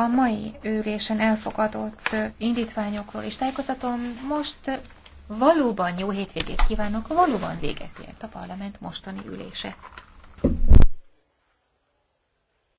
a mai ülésen elfogadott indítványokról is tájékozatom. Most valóban jó hétvégét kívánok, valóban véget ért a parlament mostani ülése.